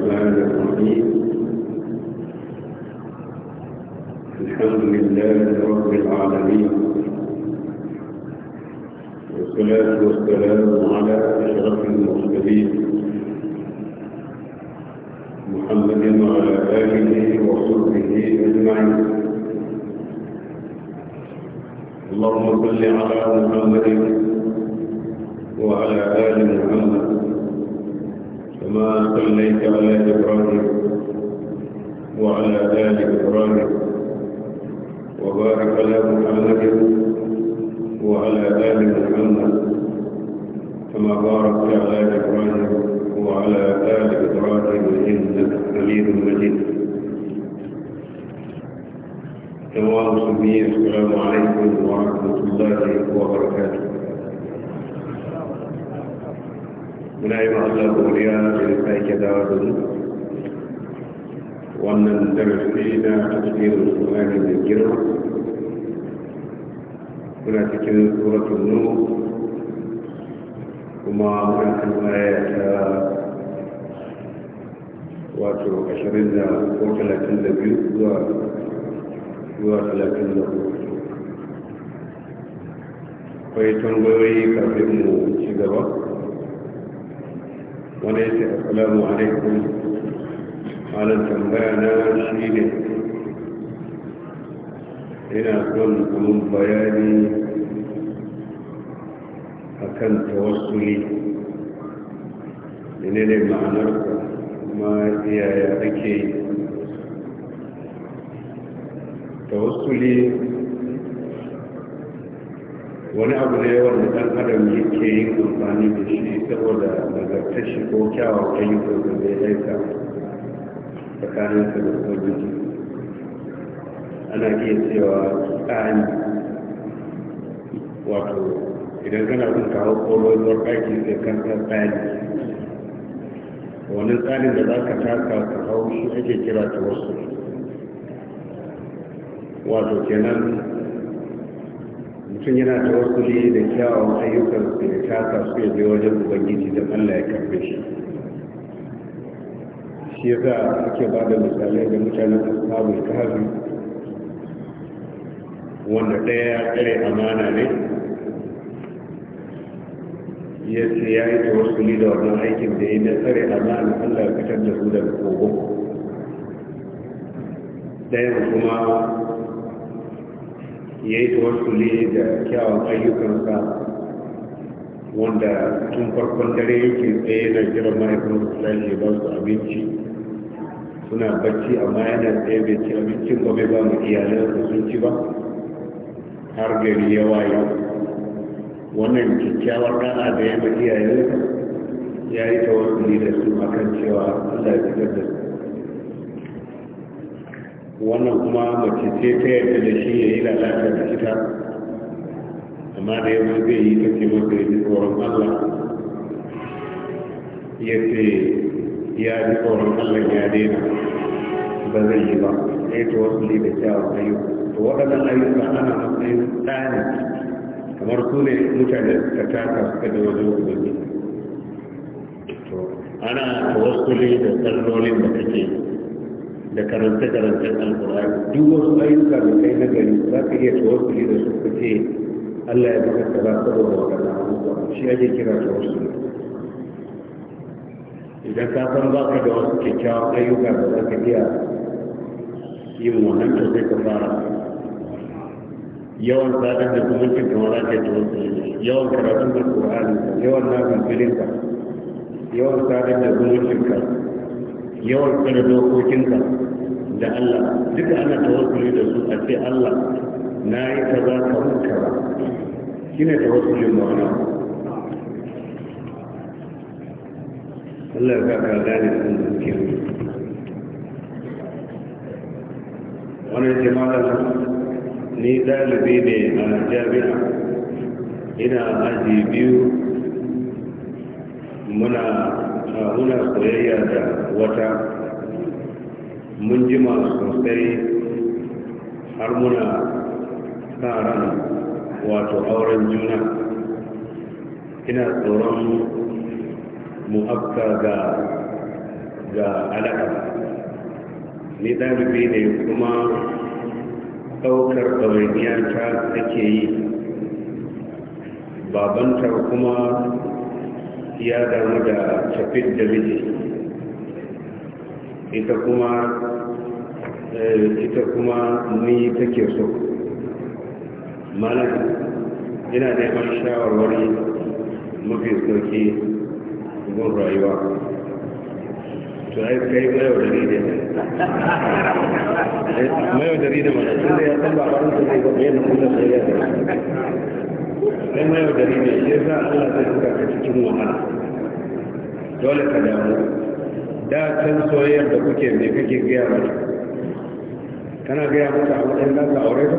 الرحمن الرحيم الحمد لله رب العالمين والصلاة والسلام على أشرف المرسلين assalamu alaikum malam tambaya na shi ne ina son bayani akan tawassuli ne ne ma'anar kuma yaya ake yi wani abu da yawan da ɗan adam yake yin amfani da shi saboda nagartar shi ko yi ayyukan da zai aika tsakanin su da ubangiji ana iya cewa tsani wato idan kana kun kawo zuwa ɗaki sai kan san wani tsarin da za ka taka ka hau shi ake kira ta wasu wato kenan mutum yana da wasu ne da kyawun ayyukan su da taka su ya je wajen ubangiji da allah ya karfe shi shi ya za ke ba da misalai da mutanen ashabul kahfi wanda ɗaya ya kare amana ne ya ce ya yi ta wasu da wannan aikin da ya na tsare amana allah ya fitar da su daga kogo ɗaya kuma ya yi tawassuli da kyawun ayyukansa wanda tun farkon dare yake tsaye na jiran mahaifin sulali ba su abinci suna bacci amma yana tsaye bai ci abincin ba mai ba mu su sun ci ba har gari ya waye wannan kyakkyawar ɗana da ya mai iyalin ya yi tawassuli da su akan cewa Allah ya fitar da su wannan kuma mace ce ta yarda da shi ya yi lalata da ita amma da yanzu zai yi ta ce masa ya ji tsoron allah ya ce ya ji tsoron allah ya daina ba zai yi ba ya ta wasu ne da kyawun ayyuka to waɗannan ayyuka ana matsayin tsari kamar su ne mutane ta taka suka da wani wani ana tawassuli da tsallolin da kake yi da karanta-karancen alkur'ani duk wasu ayyuka da kai na gari za ka iya tawassuli da su kace Allah ya baka kaza saboda wadannan abubuwa shi ake kira tawassuli idan ka san ba ka da wasu kyakkyawan ayyuka da za ka iya yin wannan to sai ka fara yawan sadar da zumuncin kamar za ka yi tawassuli yawan karatun alkur'ani yawan nafin filinka yawan sadar da zumuncinka yawan tsara dokokinka da Allah duka ana tawassuli da su a ce Allah na yi ka za ka huta ba shi ne tawassulin ma'ana Allah ya ka gane sun zuke wannan jama'a ni dalibi ne a jami'a ina aji biyu muna muna soyayya da wata mun jima sosai har muna sa ran wato auren juna ina tsoron mu ga ga alaƙa ni ɗalibi ne kuma ɗaukar ɗawainiyar ta take yi Babanta kuma ya damu da tafi da miji ita kuma eh, ita kuma ni take so malam ina neman shawarwari mafi soke gun rayuwa to ai kai da ne eh, da ne mana da ya san ne bayan da kuma ya sai ma yau dari ne shi za Allah zai suka ka cikin wahala dole ka damu da can soyayyar da kuke me kake gaya mata kana gaya mata a wajen za ka aure ba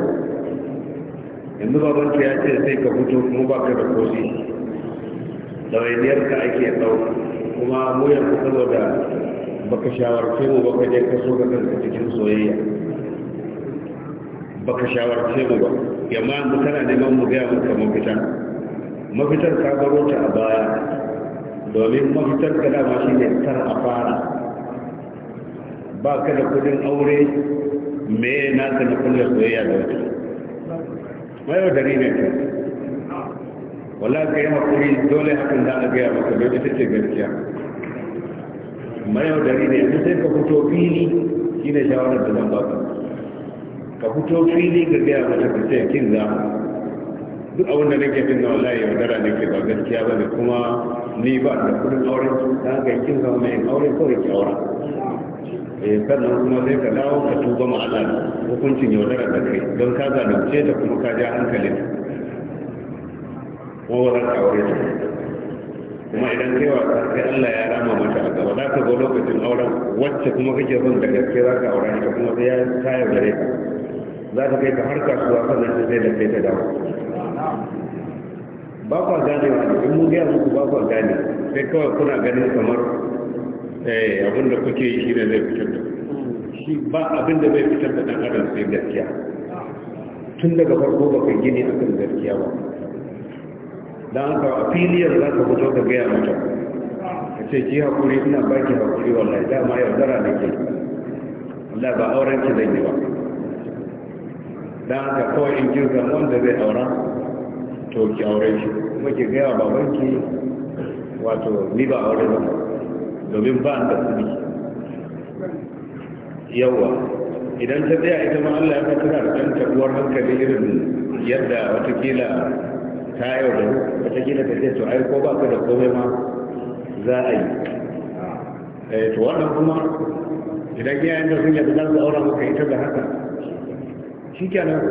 baban babanka ya ce sai ka fito kuma ba ka da kosi ɗawainiyarka ake ɗauka kuma mu yanzu saboda baka shawarce mu baka je ka so ka kanka cikin soyayya baka shawarce mu ba yamma mu tana neman mu gaya maka mafitar mafitar ka baro ta a baya domin mafitar ka dama shi ne tar a fara ba ka da kudin aure me na ka na kulle soyayya da wata yau dari ne ka wala ka yi haƙuri dole hakan za a gaya maka don ita ce gaskiya yau dari ne yanzu sai ka fito fili shi ne shawarar da zan ka ka fito fili ga gaya mata ka ce kin za duk abin da nake bin na ya dara nake ba gaskiya ba ne kuma ni ba da kudin auren ta ga kin zama mai aure kawai ki aura eh sannan kuma sai ka dawo ka tuba ma Allah hukuncin yaudara da kai don ka zalunce ta kuma ka ja hankalin ko wurin aure ta kuma idan kai wasa sai Allah ya rama mata a gaba za ka zo lokacin auren wacce kuma kake son da gaske za ka aure. ita kuma sai ya ta gare ka za ka kai ka har kasuwa sannan ta sai da kai ta dawo ba kwa ganewa ne in mun gaya muku ba kwa gane sai kawai kuna ganin kamar eh, abin da kuke yi shi ne zai fitar da shi ba abin da zai fitar da ɗan adam sai gaskiya tun daga farko ba kai gini a kan gaskiya ba don haka a filiyar za ka fito ka gaya mutum ka ce ki haƙuri ina baki haƙuri wallahi dama yaudara da ke Allah ba auren ki zan yi ba da haka kawai in kin san wanda zai aura to ki aure shi kuma ki gaya wa babanki wato ni ba aure ba domin ba da kuɗi yawa idan ta tsaya ita ma Allah ya kasu da ɗan tabuwar hankali irin yadda watakila ta yau da watakila ta ce to ai ko ba ka da komai ma za a yi eh, to wannan kuma idan iyayen da sun yadda za su aura maka ita da haka shi kenan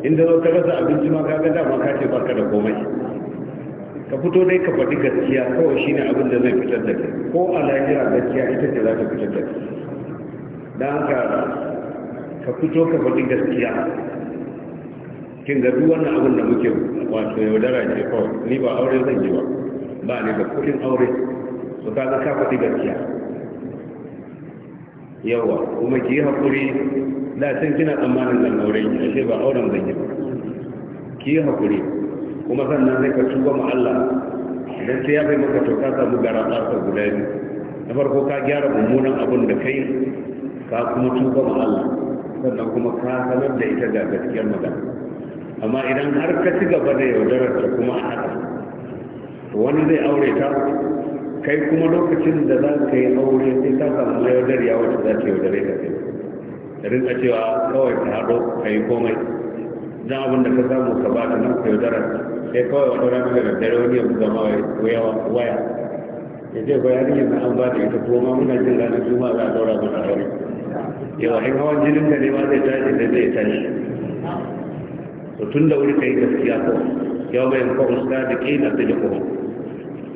inda zo ta rasa abinci ma kaga dama ka ce baka da komai ka fito dai ka faɗi gaskiya kawai shine abin da zai fitar da kai ko a lahira gaskiya ita ce za ta fitar da kai don haka ka fito ka faɗi gaskiya kin ga duk wannan abin da muke wato yaudara ce kawai ni ba aure zan yi ba ba ne da kuɗin aure su ga ka faɗi gaskiya yawa kuma ki yi haƙuri da can kina tsammanin zan aure ki ashe ba auren zan yi ki yi hakuri kuma sannan zai ka tuba ma Allah idan sai ya bai maka to ka samu gara tsasa guda biyu na farko ka gyara mummunan abin da kai ka kuma tuba ma Allah sannan kuma ka sanar da ita ga gaskiyar magana amma idan har ka ci gaba da yaudarar ta kuma a haka wani zai aure ta kai kuma lokacin da za ka yi aure sai ka samu yaudar ya wacce za ta yaudare ka kai da rinka cewa kawai ka haɗo ka yi komai don abin da ka samu ka ba ta nan ka yaudara sai kawai wani rana da daddare wani yanzu zama waya ya ce ko yarinya na an ba da ita kuma muna jin ranar juma'a za a daura mana aure yawa in hawan jinin da ne ma zai tashi da zai tashi to tun da wuri ka yi gaskiya ko yau mai yanka usta da ke na ta kuma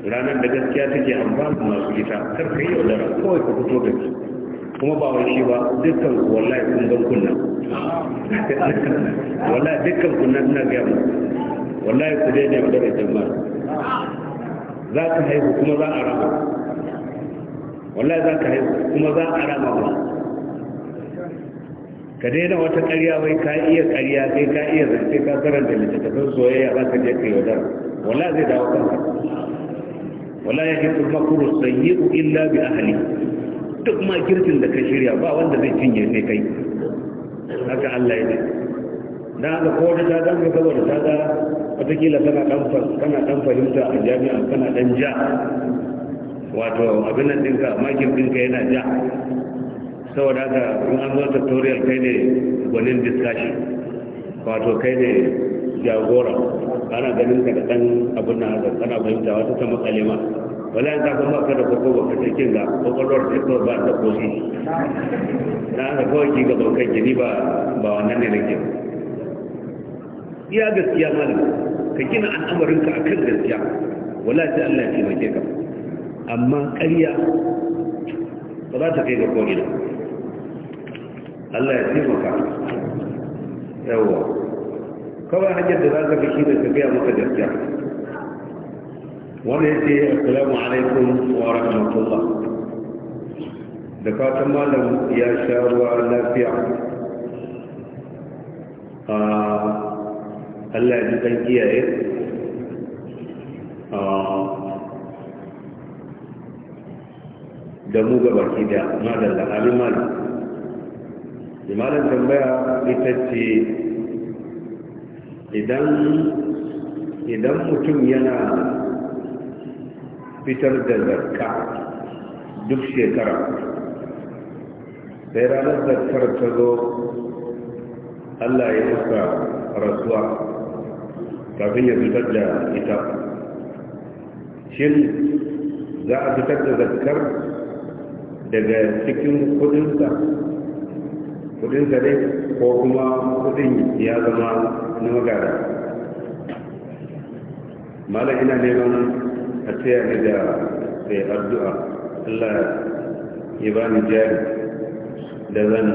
ranar da gaskiya take su masu ita kar ka yi yaudara kawai ka fito ke. kuma ba wai shi ba dukkan wallahi kun ban kunna wallahi dukkan kunna ina ga mu wallahi ku dai ne mu da jama'a za ka haihu kuma za a rama wallahi za ka haihu kuma za a rama ba ka daina wata ƙarya wai ka iya ƙarya sai ka iya zance ka karanta littattafan soyayya za ka je ka yi wadar wallahi zai dawo kanka wallahi ya kuma makru sayyi'u illa bi ahli duk ma girkin da ka shirya ba wanda zai cinye ne kai haka Allah ya ce da haka ko da ta zanga da ta ga watakila kana dan kana dan fahimta a jami'a kana dan ja wato abin nan dinka makin dinka yana ja saboda haka in an zo tutorial kai ne gwanin discussion wato kai ne jagora ana ganin ka da dan abin nan haka kana fahimta wata ta matsalema wala ta kuma ka da koko ba ka cikin ga kokolor da ko ba da koshi na ga kawai ki ga bankan ki ba ba wannan ne nake iya gaskiya malam ka gina al'amarin ka akan gaskiya wala Allah ya taimake ka amma ƙarya ba za ta kai ga koki da Allah ya taimaka yawa kawai hanyar da za ka fi shi da ka gaya maka gaskiya wani ya ce assalamu alaikum wa rahmatullah da fatan malam ya sha ruwa lafiya a allah ya kiyaye a da mu baki da madalla amin malam imanin tambaya ita ce idan mutum yana fitar da zarka duk shekara sai ranar zakkar ta zo allah ya masa rasuwa kafin ya fitar da ita shin za a fitar da zarkar daga cikin kudinsa kudinsa dai ko kuma kudin ya zama na magana malam ina neman a tsaya ne da sai addu'a Allah ya ba ni jari da zan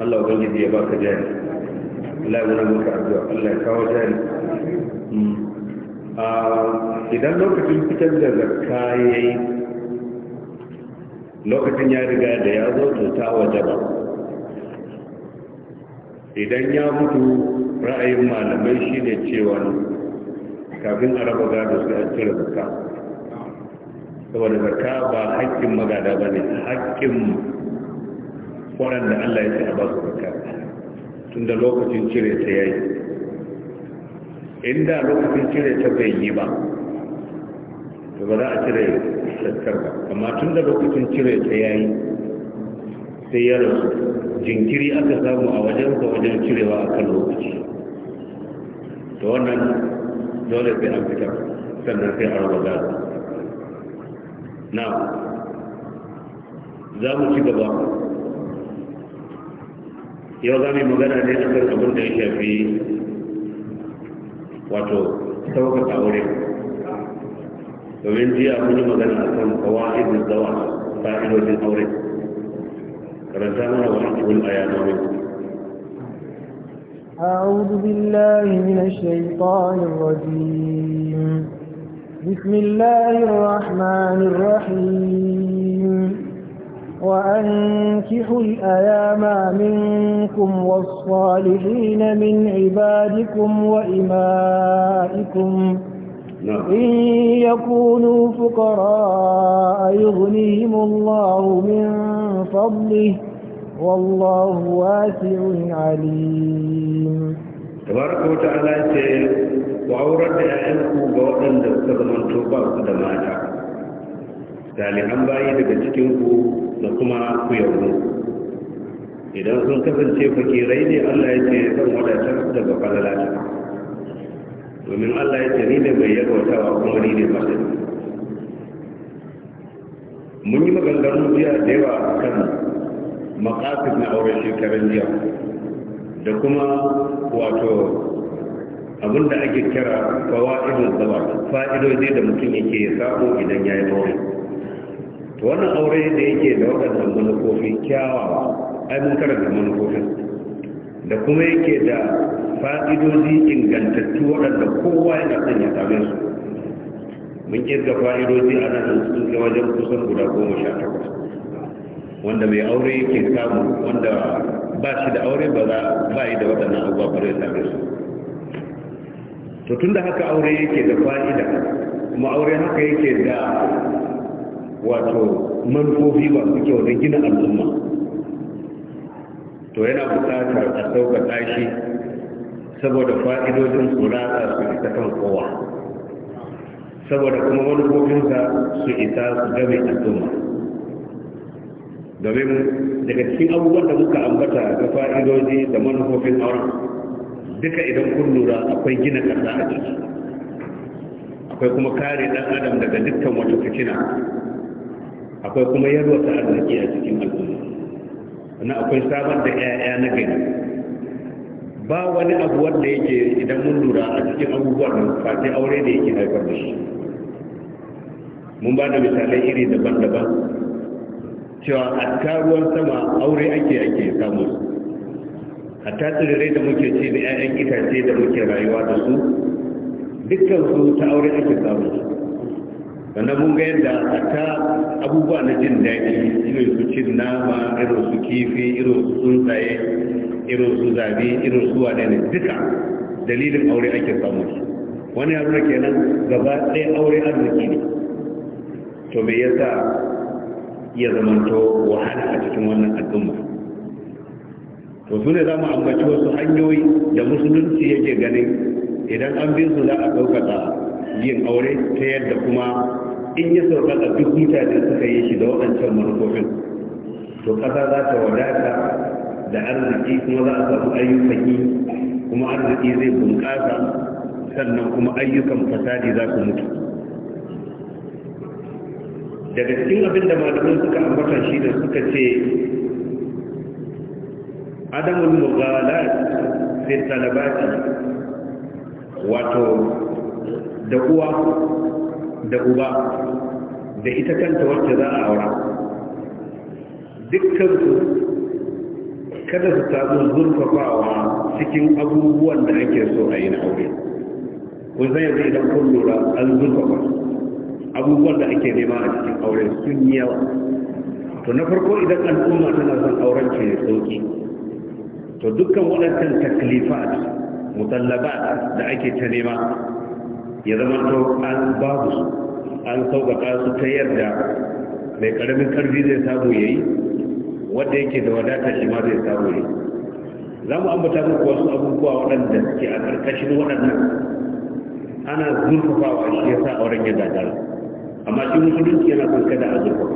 Allah ubangiji ya baka jari Allah ya maka addu'a Allah ya kawo jari hmm. idan lokacin fitar da zakka yayi lokacin ya riga da ya zo to ta wajaba idan ya mutu ra'ayin malamai shi ne cewa kafin a raba gado sai an cire zakka saboda zakka ba hakkin magada ba ne hakkin kwanan da Allah ya ce a ba su zakka tun da lokacin cire ta yayi inda lokacin cire ta bai yi ba to ba za a cire zakkar ba amma tun da lokacin cire ta yayi sai ya rasu jinkiri aka samu a wajen ka wajen cirewa a kan lokaci to wannan dole sai an fitar sannan sai an rawa na za mu ci gaba yau za mu yi magana ne a kan abin da ya shafi wato ta aure domin jiya mun yi magana a kan kawai da zawa fa'idojin aure karanta mana wani cikin ayanomin أعوذ بالله من الشيطان الرجيم بسم الله الرحمن الرحيم وأنكحوا الأيام منكم والصالحين من عبادكم وإمائكم نعم. إن يكونوا فقراء يغنيهم الله من فضله والله واسع عليم تبارك وتعالى وأورد أهلكم بوطن دكتور من توبة قدماتا salihan bayi daga cikinku da kuma kuyawu idan sun kasance fakirai ne allah ya ce zan wadatar daga falalata domin allah ya ce ni da mai yalwatawa kuma ni ne masani mun yi maganganu jiya da yawa kan makasid na auren shekaran jiya da kuma wato abinda ake kira irin zawa fa'idoji da mutum yake ya sabo idan ya yi aure to wannan aure da yake da waɗannan manufofin kyawawa ai mun karanta manufofin da kuma yake da fa'idoji ingantattu waɗanda kowa yana son ya same su mun kirga fa'idoji a nan sun kai wajen kusan guda goma sha takwas wanda mai aure ke samu wanda ba shi da aure ba ba yi da waɗannan abubuwa ba zai same su to tun da haka aure yake da fa'ida kuma aure haka yake da wato manufofi su kyau da gina al'umma to yana buƙatar a sauka tashi saboda fa'idodin rasa su isa kan kowa saboda kuma manufofinsa su isa su game al'umma domin daga cikin abubuwan da muka ambata ga fa'idoji da manufofin auren duka idan kun lura akwai gina ƙasa a ciki akwai kuma kare ɗan adam daga dukkan wata fitina akwai kuma yalwata arziki a cikin al'umma sannan akwai sabon da ƴaƴa na gani ba wani abu wanda yake idan mun lura a cikin abubuwan nan fati aure da yake haifar da shi mun ba da misalai iri daban-daban cewa hatta ruwan sama aure ake ake samu hatta tsirrai da muke ce da 'ya'yan itace da muke rayuwa da su dukkan su ta aure ake samu sannan mun ga yadda hatta abubuwa na jin daɗi irin su cin nama irin su kifi irin su tsuntsaye irin su zabi irin su wane ne duka dalilin aure ake samu wani yaro kenan gaba ɗaya aure arziki ne to me yasa iya zamanto wahala a cikin wannan al'umma to su ne za mu ambaci wasu hanyoyi da musulunci yake ganin idan an bin su za a ɗaukaka yin aure ta yadda kuma in ya sauƙaƙa duk mutane suka yi shi da waɗancan manufofin to ƙasa za ta wadata da arziki kuma za a samu ayyukan yi kuma arziki zai bunƙasa sannan kuma ayyukan fasadi za su mutu daga cikin abin da malamai suka ambata shi da suka ce adamun mughalat fi talabati wato da uwa da uba da ita kanta wacce za a aura dukkan su kada su samu zurfafawa cikin abubuwan da ake so a yi na aure kun zai zai idan kullura an zurfafa abubuwan da ake nema a cikin aure sun yi yawa to na farko idan al'umma tana son auren ne sauki to dukkan waɗancan taklifat mutallabat da ake ta nema ya zama to an babu su an sauƙaƙa su ta yarda mai ƙaramin ƙarfi zai samu ya yi wadda yake da wadata shi ma zai samu ya yi. za mu ambata muku wasu abubuwa waɗanda suke a ƙarƙashin waɗannan ana zurfafawa shi ya sa auren ya dadara amma shi musulunci yana son kada a zuba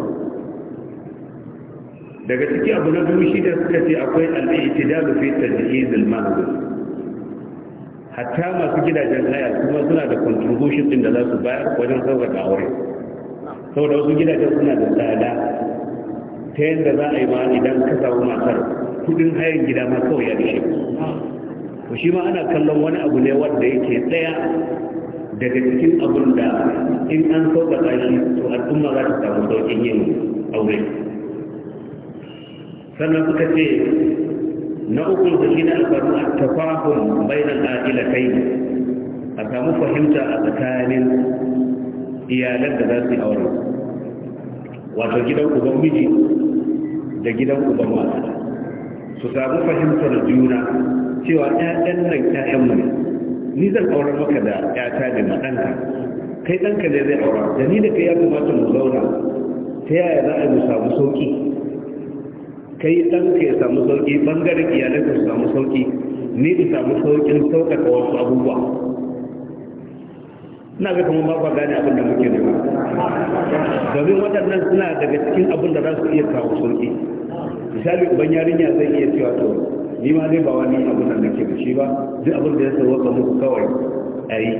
daga ciki abu na biyu shi da suka ce akwai al'itidalu fi tajhiz al-mahzun hatta masu gidajen haya kuma suna da contribution din da za su bayar wajen sauƙaƙa aure saboda wasu gidajen suna da tsada ta yadda za a yi ma idan ka samu matar kudin hayan gida ma kawai ya rishe to shi ma ana kallon wani abu ne wanda yake tsaya daga cikin abin da in an sauƙaƙa shi to al'umma za ta samu sauƙin yin aure sannan suka ce na uku da shi na alfaru a tafahun bainan ajila kai a samu fahimta a tsakanin iyalan da za su yi aure wato gidan uban miji da gidan uban mata su samu fahimtar juna cewa 'ya'yan nan ta mu ne ni zan aurar maka da yata da maɗanka kai ɗanka ne zai aura da ni da kai ya kamata mu zauna ta yaya za a yi samu sauƙi kai ɗanka ya samu sauƙi ɓangaren ka su samu sauƙi ni in samu sauƙin sauƙaƙa wasu abubuwa ina ga kamar ba gane abin da muke nema domin waɗannan suna daga cikin abin da za su iya kawo sauƙi misali uban yarinya zai iya cewa to ni ma zai ba wani abu da nake da shi ba duk abin da ya sauwa ka muku kawai a yi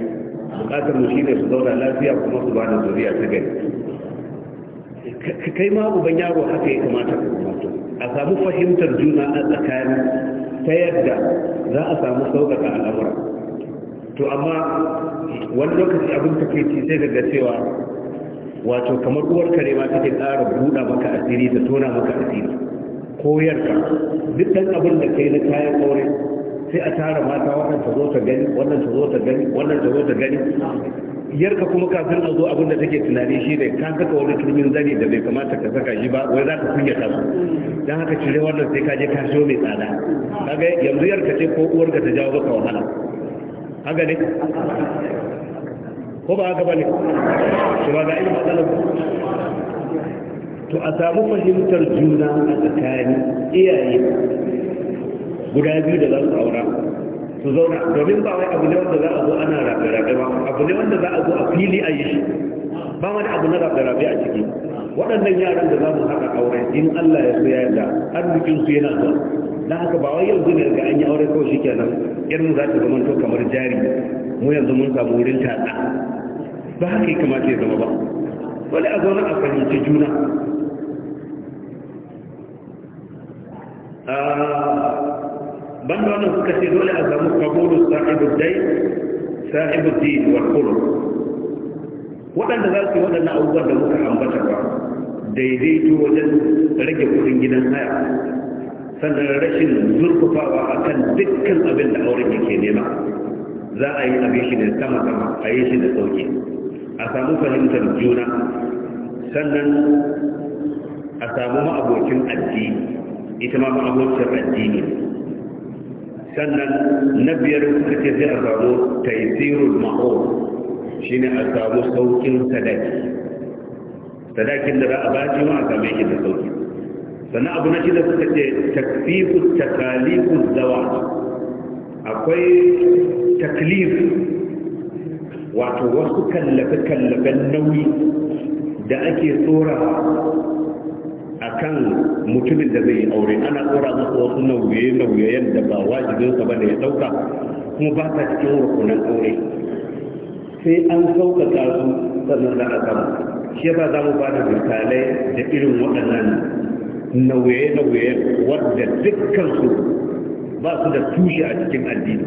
bukatar mu ne su zauna lafiya kuma su ba da zuriya ta gari kai ma uban yaro haka ya kamata ka kamata a samu fahimtar juna a tsakani ta yadda za a samu sauƙaƙa al'amura to amma wani lokaci abin takaici sai daga cewa wato kamar uwar kare ma take tsara buɗa maka asiri da tona maka asiri koyar ka duk dan abin da kai na kayan aure sai a tara mata wannan ta zo ta gani wannan ta zo ta gani wannan ta zo ta gani yarka kuma kafin a zo abin da take tunani shi ne ka saka wani turmin zani da bai kamata ka saka shi ba wai za ka kunya ta Dan don haka cire wannan sai ka je ka shi mai tsada kaga yanzu yarka ce ko uwarka ta jawo maka wahala haka ne ko ba haka ba ne shi ba ga irin matsalar to a samu fahimtar juna a tsakani iyaye guda biyu da za su aura su zauna domin ba wai abu ne wanda za a zo ana rabe-rabe ba abu ne wanda za a zo a fili a yi shi ba wani abu na rabe-rabe a ciki waɗannan yaran da za mu haɗa aure in Allah ya so da yarda arzikin su yana zuwa dan haka ba wai yanzu ne ga an yi aure kawai shikenan irin za ta zama to kamar jari mu yanzu mun samu wurin tatsa ba haka ya kamata ya zama ba wani a zauna a fahimci juna Ah, banda wannan suka ce dole a samu kabulu sahibul dai sahibul din wal qulub waɗanda za su yi waɗannan abubuwan da muka ambata ba daidaito wajen rage kuɗin gidan haya sannan rashin zurfafawa a kan dukkan abin da auren yake nema za a yi abin shi da sama sama a yi shi da sauki a samu fahimtar juna sannan a samu ma'abokin addini ita ma ba abokiyar addini sannan na biyar suka ce sai a samu taisirul ma'o shi ne a samu saukin sadaki sadakin da za a baci ma a same shi da sauki sannan abu na shi da suka ce takfifu takalifu zawa akwai taklif wato wasu kallafe-kallafen nauyi da ake tsorawa akan mutumin da zai yi aure ana tsora masa wasu nauye-nauyen da ba wajibin ba da ya dauka kuma ba ta cikin rukunan aure sai an sauƙaƙa su sannan da aka samu shi ba za mu ba da misalai da irin waɗannan nauye-nauye wadda su ba su da tushe a cikin addini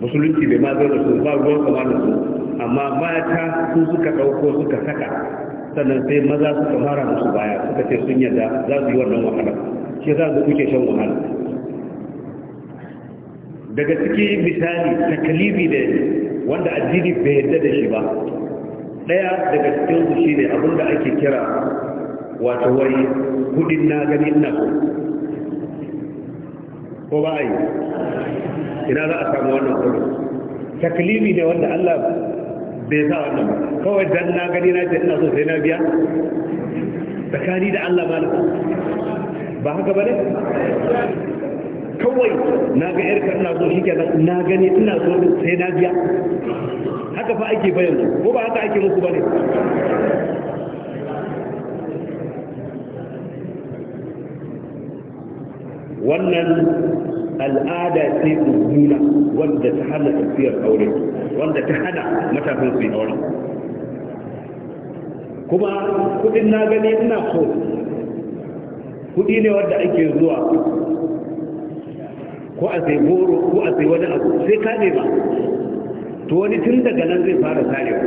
musulunci bai ma zai da su ba ruwan kamar da su amma mata su suka ɗauko suka saka sannan sai maza suka fara musu baya suka ce sun yadda za su yi wannan wahala shi za su kuke shan wahala daga ciki misali takalibi da wanda addini bai yadda da shi ba daya daga cikin su shine da ake kira wato wani kudin na gani ina ko ko ba yi ina za a samu wannan kudin takalibi ne wanda Allah bai sa wannan ba kawai dan na gani na ce ina so sai na biya tsakani da Allah ba ba haka ba ne kawai na ga yarka ina so shi kenan na gani ina so sai na biya haka fa ake bayan ko ba haka ake muku ba ne wannan al'ada ce mummuna wanda ta hana tafiyar aure wanda ta hana matafin su yi aure kuma kudin na gani ina so kudi ne wanda ake zuwa ko a sai goro ko a sai wani abu sai ka ba to wani tun daga nan zai fara sarewa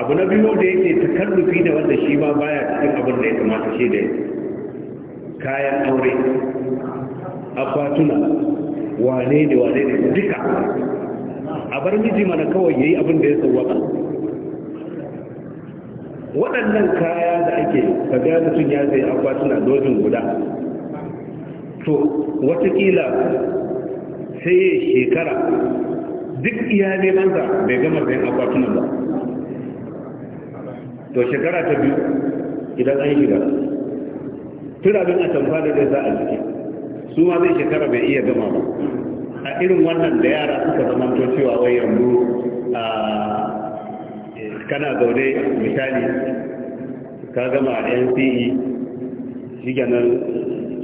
abu na biyu da yake takallufi da wanda shi ma baya cikin abin da ya kamata shi da kayan aure akwatuna wane ne wane ne duka a bar miji mana kawai yayi abin da ya tsawaka waɗannan kaya da ake ka ga mutum ya sai akwatuna dozin guda to watakila sai shekara duk iya nemansa bai gama sayan akwatunan ba to shekara ta biyu idan an shiga turabin a tamfa da zai za a ciki su ma zai shekara bai iya gama ba a irin wannan da yara suka zama to cewa wai yanzu a kana zaune misali ka gama a nce shi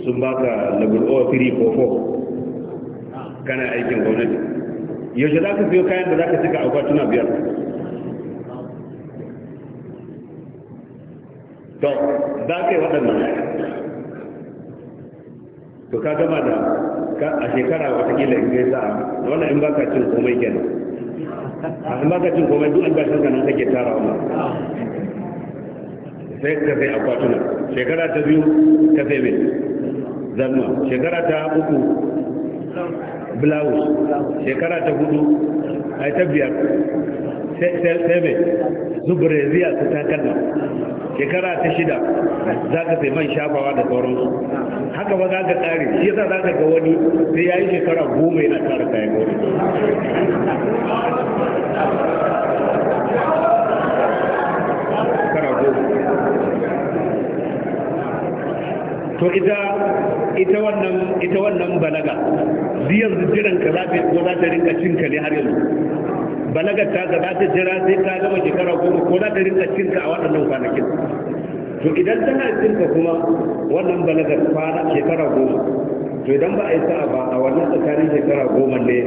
sun baka level 3 ko 4 kana aikin gwamnati yaushe za ka fiye kayan da za ka cika akwatuna biyar to za ka yi waɗannan to ka gama da a shekara watakila in kai sa'a wannan in baka cin komai kenan in baka cin komai duk albashin ka nan kake tara wannan sai ka sai akwatuna shekara ta biyu ka sai mai zanma shekara ta uku blouse shekara ta hudu a ta biyar sai su breziya su takalma shekara ta shida za ka sai man shafawa da sauransu haka ba za ka tsari shi yasa za ka ga wani sai ya yi shekara goma yana tsara kayan gori to ita ita wannan ita wannan balaga yanzu jiran ka za ta rinka cinka ne har yanzu balagar ta gaba ta jira sai ta gama shekara goma ko za ta rinka cinka a waɗannan kwanakin to idan tana cinka kuma wannan balagar kwana shekara goma to idan ba a yi sa'a ba a wannan tsakanin shekara goma ne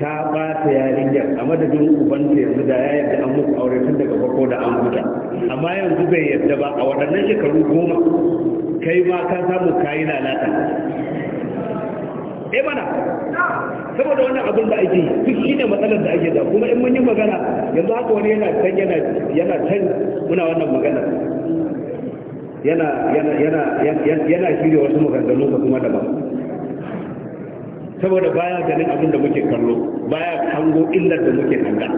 ta ɓata yarinyar a madadin ubanta yanzu da ya yarda an muku aure tun daga farko da an huta amma yanzu bai yarda ba a waɗannan shekaru goma kai ma ka samu kayi lalata eh mana saboda wannan abin da ake duk shi ne matsalar da ake da kuma in mun yi magana yanzu haka wani yana can yana yana can muna wannan magana yana yana yana yana shirya wasu maganganu ka kuma daban saboda baya ganin abin da muke kallo baya hango illar da muke hanga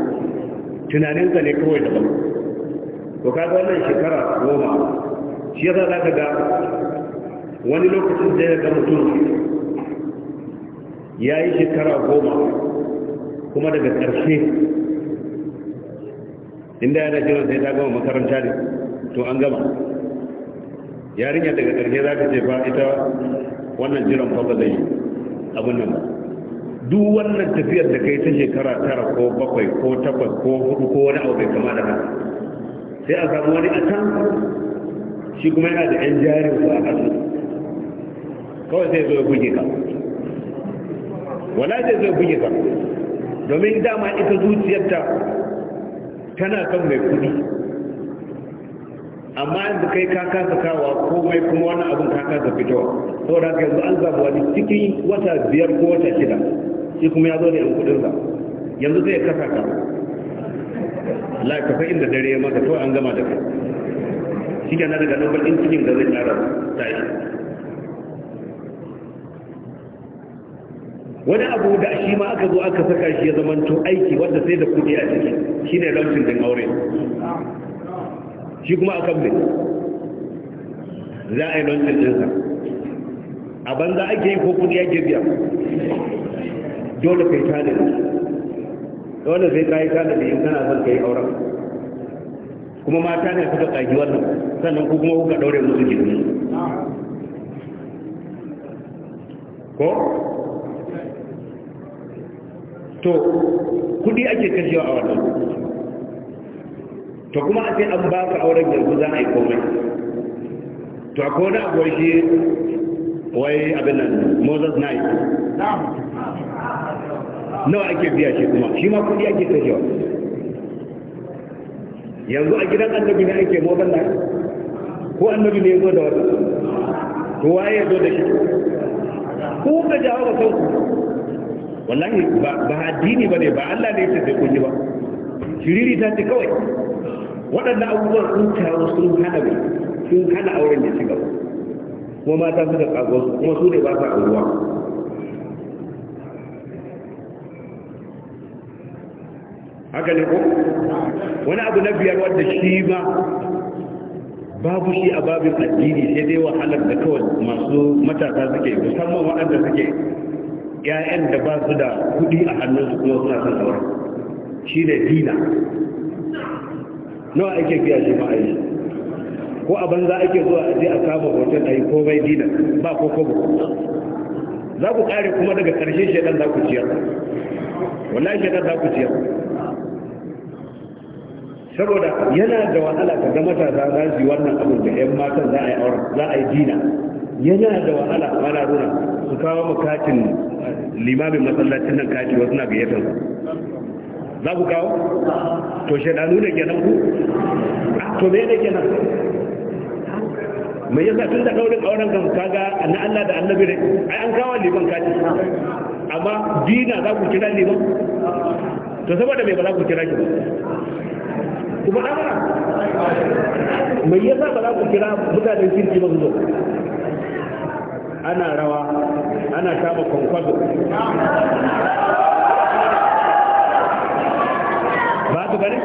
tunanin ka ne kawai daban to ka ga wannan shekara goma shi yasa za ka ga wani lokacin da ya ga mutum ya yi shekara goma kuma daga ƙarshe inda yana jira sai ta gama makaranta ne to an gama yarinya daga ƙarshe za ka ce ba ita wannan jiran fa ba zai yi abin nan duk wannan tafiyar da kai ta shekara tara ko bakwai ko takwas ko hudu ko wani abu bai kama da haka sai a samu wani a can shi kuma yana da 'yan jarin su a kasu kawai sai zo ya buge ka wala da zai buge ba domin dama ita zuciyarta tana kan mai kudi amma yanzu kai ka kasa kawa komai kuma wani abin ka kasa fitowa saboda da yanzu an zaɓi wani cikin wata biyar ko wata shida shi kuma ya zo da yan kudin sa yanzu zai kasa ka la ka fa inda dare ya maka to an gama da kai shi na daga nan bakin cikin da zai tsara yi wani abu da shi ma aka zo aka saka shi ya zamanto aiki wanda sai da kudi a ciki shine ramcin din aure shi kuma akan mai za a yi ramcin dinsa a banza ake yi ko kudi ake biya dole kai tanadi dole sai kai tanadi in kana son kai auren kuma mata ne suka tsaki wannan sannan ku kuma kuka daure musu gindi ko to kudi ake kashewa a wannan to kuma a sai an ba ka auren yanzu za a yi komai to a kone a gwashi wai abin nan moses knight nawa ake biya shi kuma shi ma kudi ake kashewa yanzu a gidan annabi ne ake moses knight ko annabi ne ya zo da wata kowa ya zo da shi ko ka jawo ba sauku wallahi ba addini ba ne ba Allah ne ya sai kun ba shiriri ta ce kawai waɗannan abubuwan sun taru sun hana ne sun hana auren da shiga kuma mata suka kago su kuma su ne ba su auruwa haka ne ko wani abu na biyar wanda shi ba babu shi a babin addini sai dai wahalar da kawai masu matasa suke musamman waɗanda suke Yayan da ba su da kuɗi a hannunsu kuma suna son sauran shi ne dina nawa ake biya shi ma aiki ko a banza ake zuwa a je a kama hoton a yi komai dina ba ko kobo za ku kare kuma daga ƙarshe shaidan za ku ciyar wallahi shaidan za ku ciyar saboda yana da wahala ka ga matasa za su yi wannan abin da 'yan matan za a yi dina yana da wahala mana runa. ku kawo mu katin limamin masallacin nan kaji wasu na gayyatar za ku kawo to shaidanu ne kenan ku to me ne kenan mai yasa tun da kaurin auren kan kaga na Allah da annabi ne ai an kawo liman kaji amma dina za ku kira liman to saboda mai ba za ku kira ki ku faɗa ba mai yasa ba za ku kira mutanen kirki ba su zo ana rawa ana kama kwankwazo ba su gane?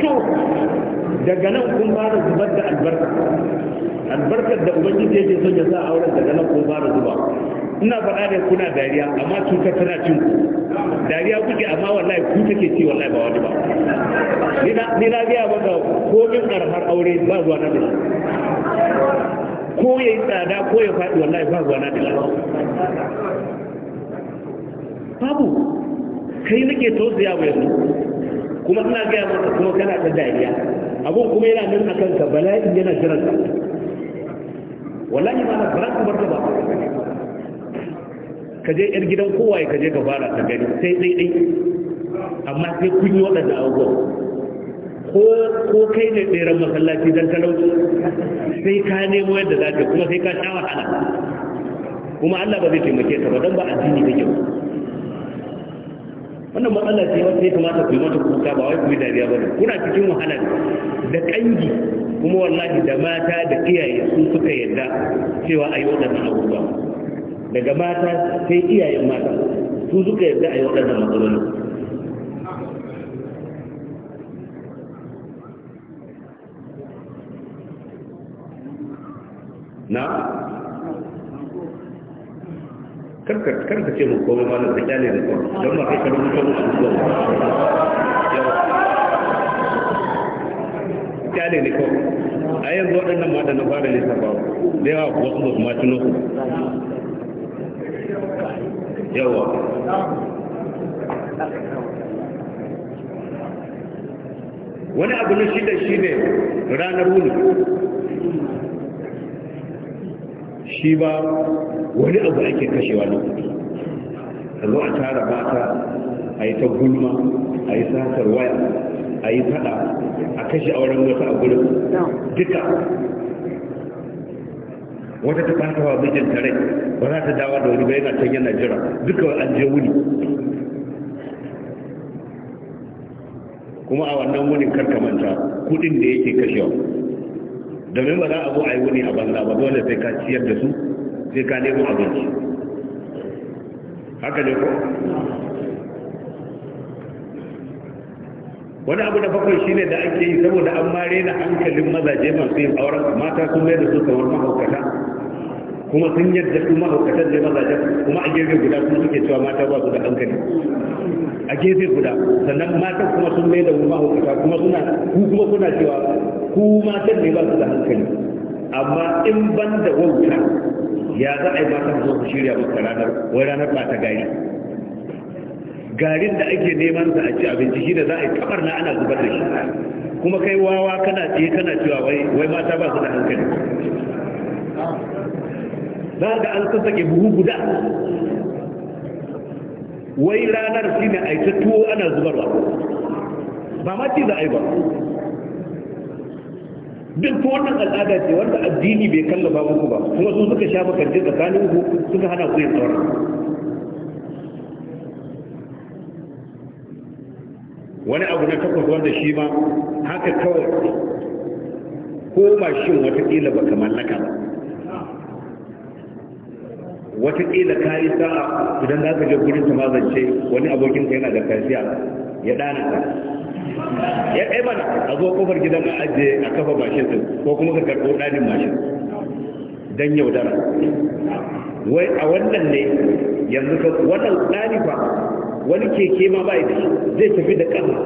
to daga nan kun fara zubar da albarka albarkar da ubangiji ce son ya sa auren daga nan kun fara zuba ina faɗa da kuna dariya amma cutar tana cin ku dariya kuke amma wallahi ku take ci wallahi ba wani ba ni na biya maka komin arhar aure ba zuwa na da shi ko ya yi tsada ko ya faɗi wallahi ba ruwa na da lafi babu kai nake tausaya wa yanzu kuma ina gaya maka kuma kana ta dariya abun kuma yana nan a kanka bala'in yana jiran ka wallahi ba na baran kamar ba ka je yar gidan kowaye ka je ka fara ka gani sai dai dai amma sai kun yi waɗanda abubuwa ko kai ne tseren masallaci don talauci sai ka nemo yadda za ka kuma sai ka sha wahala kuma Allah ba zai taimake ka ba don ba addini kake ba wannan matsala ce wacce ya kamata ku yi mata kuka ba wai ku yi dariya ba ne kuna cikin wahala da kangi kuma wallahi da mata da iyaye sun suka yarda cewa a yi waɗannan abubuwa daga mata sai iyayen mata su suka yarda a yi waɗannan matsalolin na karka ce mu komai ma da kyale da kwan don ma kai ka rubuta su zuwa kyale ne kawai a yanzu waɗannan ma da na fara lissafa da yawa kuma ba su ma tuno su yawa wani abu na shida shi ne ranar wuni shi ba wani abu ake kashewa na kudi a zo a tara mata a yi ta gulma a yi satar waya a yi fada a kashe auren wata a gudun duka wata ta fata wa mijin tare ba za ta dawa da wani ba yana can yana jira duka an je wuni kuma a wannan wunin karkamanta kudin da yake kashewa domin ba za a zo a yi wuni a banza ba dole sai ka ciyar da su sai ka nemo abinci haka ne ko wani abu na bakwai shine da ake yi saboda an mare na hankalin mazaje masu yin auren mata sun mai da su kamar mahaukata kuma sun yadda su mahaukatar ne mazajen kuma a gefe guda sun suke cewa mata ba su da hankali a gefe guda sannan matan kuma sun mai da mahaukata kuma suna ku kuma kuna cewa ku matan ne ba su da hankali amma in ban da wauta ya za a yi matan zo ku shirya maka ranar wai ranar ba ta gari garin da ake neman sa a ci abinci shi da za a yi kamar na ana zubar da shi kuma kai wawa kana ce kana cewa wai mata ba su da hankali za ga an sassake buhu guda wai ranar shi ne a ta tuwo ana zubarwa ba ma ce za a yi ba duk wannan al'ada ce wanda addini bai kallafa muku ba kuma su suka sha makarci tsakanin ku suka hana ku yin tsawon wani abu na takwas wanda shi ma haka kawai ko mashin kila ba kamar naka ba watakila ka yi sa'a idan za ka je gurin ta mazance wani abokin ka yana da kafiya ya dana ka ya kai mana a zo kofar gidan a ajiye a kafa mashin din ko kuma ka karɓo ɗanin mashin dan yaudara wai a wannan ne yanzu ka wannan ɗani fa wani keke ma ba ita zai tafi da ƙasa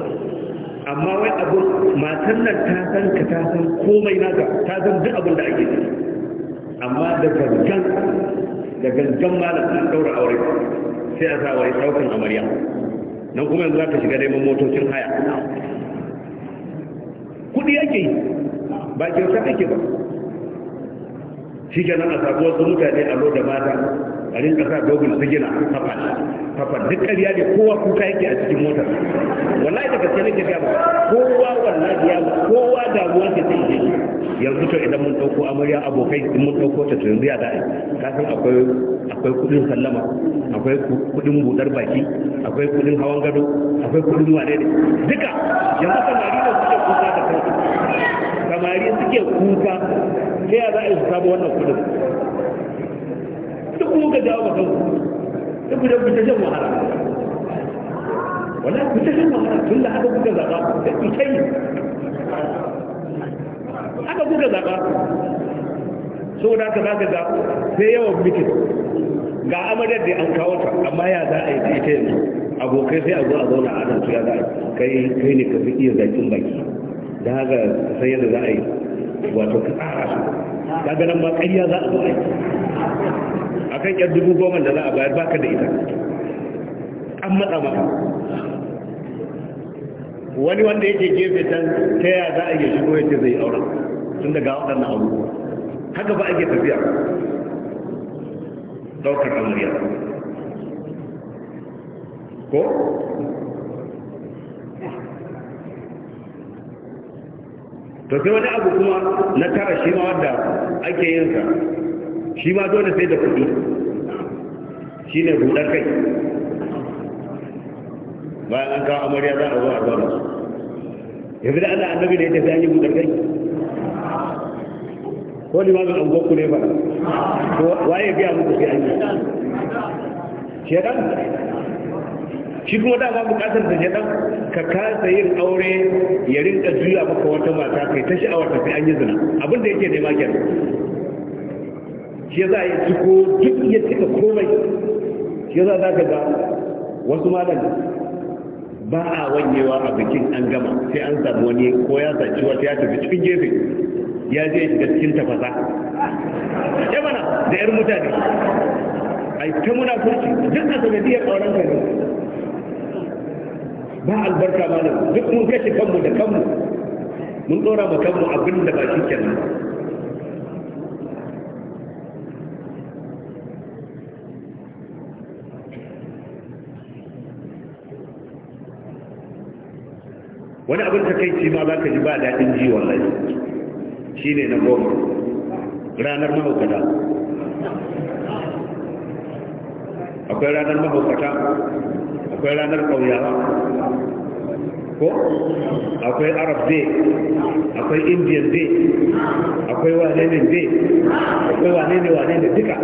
amma wai abu matan nan ta san ka ta san komai naka ta san duk abin da ake amma da gangan da gangan malam sun daura aure sai a sa wai daukan amarya nan kuma yanzu za ta shiga neman motocin haya kudi ake yi ba kyauta ake ba shi ke nan a sabuwar wasu mutane a lo da mata a rinka sa dogon su gina kafan kafan duk ƙarya ne kowa kuka yake a cikin motar wallahi da gaske nake gaba kowa wallahi ya kowa damuwa ke sai ke yanzu to idan mun dauko amarya abokai in mun dauko ta to yanzu ya kasan akwai akwai kudin sallama akwai kudin budar baki akwai kudin hawan gado akwai kudin wane ne duka yanzu samari ne suke kuka da kansu samari suke kuka ta ya za a su samu wannan kudin. duk kuka jawo ba kanku duk da kuka jan wahala wala kuka jan wahala tun da haka kuka zaba da ita yi haka kuka zaɓa so da za ka zaɓa sai yawan mitin ga amadar da an kawo ta amma ya za a yi ta ita yanzu abokai sai a zo a zauna a nan su ya za a kai kai ne ka fi iya zaƙin baki da haka san yadda za a yi wato ka tsara su kaga nan ma ƙarya za a zo a yi a kan yar dubu goma da za a bayar baka da ita an matsa maka wani wanda yake gefe can ta yaya za a yi shigo ya ce zai auren tun daga waɗannan abubuwa haka ba ake tafiya ɗaukar amuriya ko to sai wani abu kuma na tara shi ma wadda ake yin sa shi ma dole sai da kuɗi shi ne buɗar kai bayan an kawo amurya za a zo a zo yanzu da Allah annabi da ya tafi an yi buɗar kai ko limamin an goku ne ba waye biya muku sai an yi shedan shi kuma mu kasar da shedan ka kasa yin aure ya rinka juya maka wata mata kai ta sha'awar ta sai an yi zina abin da yake nema kenan shi yasa ya ciko duk ya cika komai shi yasa za ka ga wasu malam ba a wanyewa a bikin an gama sai an samu wani ko ya saci wata ya tafi cikin gefe ya je shiga cikin tafasa ya mana da yar mutane ai ta muna kurci duk a sanadiyar auren ka ne ba albarka ma ne. duk mun kashe kanmu da kanmu mun dora ma kanmu abin da ba shi kenan wani abin takaici ma za ka ji ba daɗin ji wallahi ne na goma ranar mahaukata akwai ranar mahaukata akwai ranar kauyawa ko akwai arab day akwai indian day akwai wane ne day akwai wane ne wane ne duka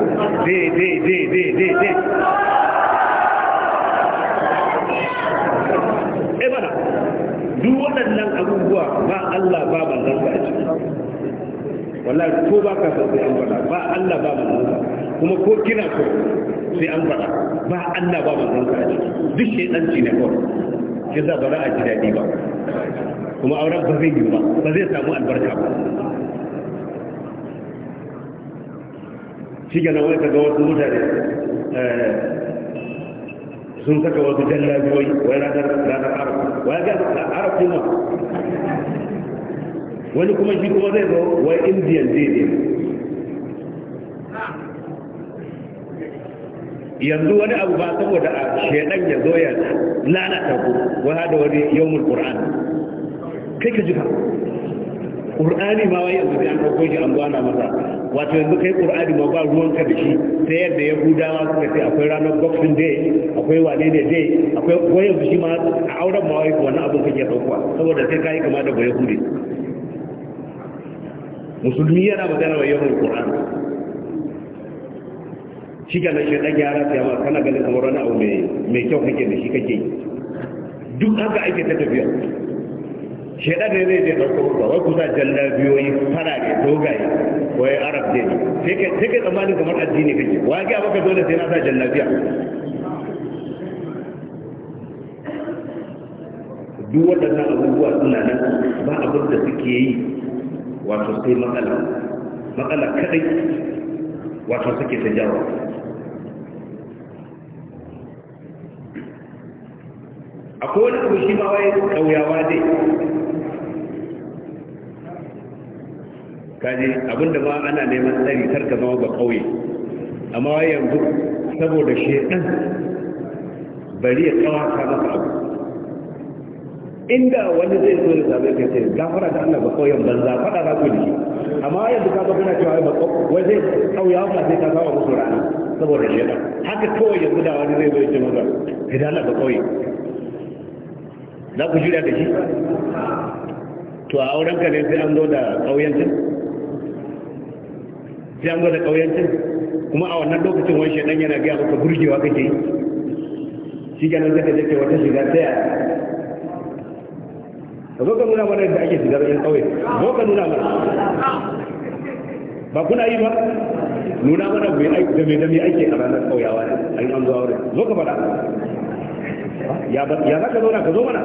day day day day day yawa ba Allah ba manzon sa a ciki wallahi ko ba ka san sai an faɗa ba Allah ba manzon sa kuma ko kina ko sai an faɗa ba Allah ba manzon sa a ciki duk shedanci ne kawai shi za ba za a ji daɗi ba kuma auren ba zai yi ba ba zai samu albarka ba shi ga nan wata ga wasu mutane sun saka wasu jallabiyoyi wai ranar ranar arafa wani kuma shi kuma zai zo wai indiyan zai ne yanzu wani abu ba saboda a shedan ya zo ya lalata ku wani hada wani yawon qur'an kai ka jika qur'ani ma wai yanzu an ɗauko shi an gwana masa wato yanzu kai qur'ani ma ba ruwanka da shi ta yadda yahudawa suka ce akwai ranar boxing day akwai wane ne day akwai ko yanzu shi ma a auren ma wai wani abin kake daukowa saboda sai kai kama da bayahudi musulmi yana magana wa yawan ƙur'an shi ga na shi gyara ta yawa kana ganin kamar wani abu mai kyau kake da shi kake duk haka ake ta tafiya shaidan ne zai je ɗauko ruwa wai kusa fara ne dogaye wai arab ne sai kai sai tsammanin kamar addini kake wa abaka dole sai na sa biya duk waɗannan abubuwa suna nan ba abin da suke yi wato sai matsala matsala kadai wato suke ta jawo akwai wani abu shi ma waye ƙauyawa dai kaji abinda ba ana neman tsari karka zama ba ƙauye amma waye yanzu saboda shekan bari ya tsawata masa abu inda wani zai so da zaɓe ka ce gafara da Allah ba ƙauyen banza faɗa za ku ji amma yanzu ka ga kuna cewa ba wai zai ƙauyawa ba sai ka saba musu rana saboda shekan haka kawai yanzu da wani zai zo ya ce maka ka da ba ƙauye za ku jira da shi to a auren ka ne sai an zo da ƙauyancin sai an zo da ƙauyancin kuma a wannan lokacin wani shaidan yana gaya maka burgewa kake yi shi nan zaka jake kai wata shiga ta ka zo ka nuna mana yadda ake shigar yan ƙauye zo ka nuna mana ba kuna yi ba nuna mana da mai dami ake a ranar ƙauyawa ne an zo aure zo ka faɗa ya za ka zauna ka zo mana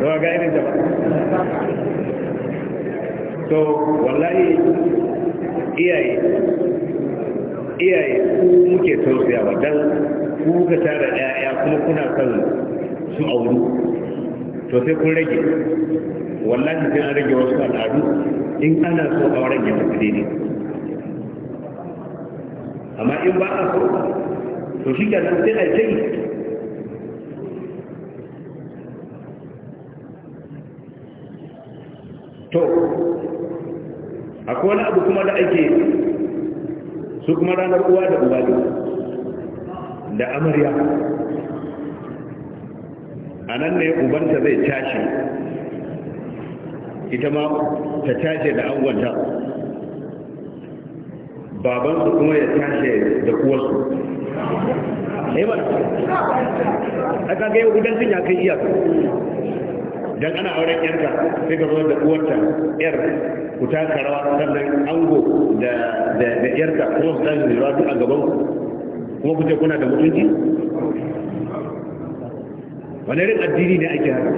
zuwa ga irin jama'a to wallahi iyaye iyaye ku muke ba don ku ka tara 'ya'ya kuma kuna kan su auru to sai kun rage wallahi sai an rage wasu al'adu in ana so auren ya tafi daidai amma in ba a so to shi nan sai a ce to akwai wani abu kuma da ake su kuma ranar uwa da uba da amarya a nan ne ubanta zai tashi ita ma ta tashi da angonta babansu kuma ya tashi da kuwarsu eh aibar a kaga yau gudancin ya kai iyaka don ana auren yarka sai ka zuwa da kuwarta yar ku karawa rawa sannan ango da da yarka kuma su tashi da rawa a gaban kuma kuce kuna da mutunci wani rin addini ne ake haka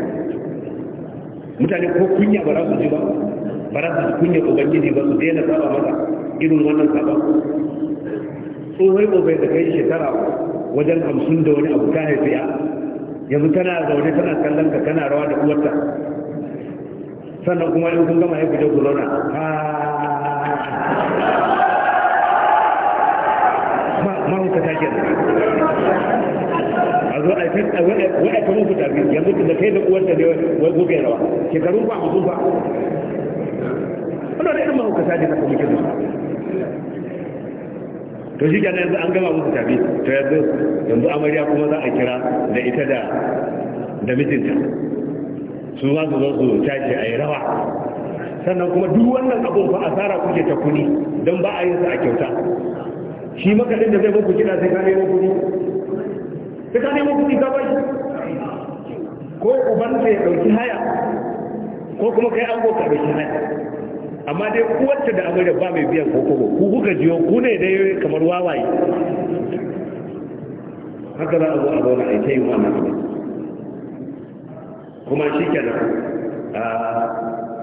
mutane ko kunya ba za su ji ba ba za su kunya ubangiji ba su daina saba masa irin wannan sabon tsohon obai da kai shekara wajen hamsin da wani abu ta haifiya yanzu tana zaune tana kallon ka tana rawa da uwarta sannan kuma in kun gama haifu da corona mahauka ta ke a zo a kan wani kamar fita yanzu da kai da uwarta ne wai gobe rawa shekaru ba mutu ba wanda da irin mahaukata ne haka muke da su to shi kenan yanzu an gama musu tafi to yanzu yanzu amarya kuma za a kira da ita da da mijinta su ma su zo su tashi a yi rawa sannan kuma duk wannan abin ba asara kuke ta kuni don ba a yin sa a kyauta shi makalin da zai muku kiɗa sai ka nemo kuɗi sai ka nemo kuɗi ka bai ko ubansa ya ɗauki haya ko kuma kai an ka shi haya amma dai kuwanta da amarya ba mai biyan kokobo ku kuka jiyo ku ne dai kamar wawaye haka za a zo a na a yi wannan abu kuma shi kenan a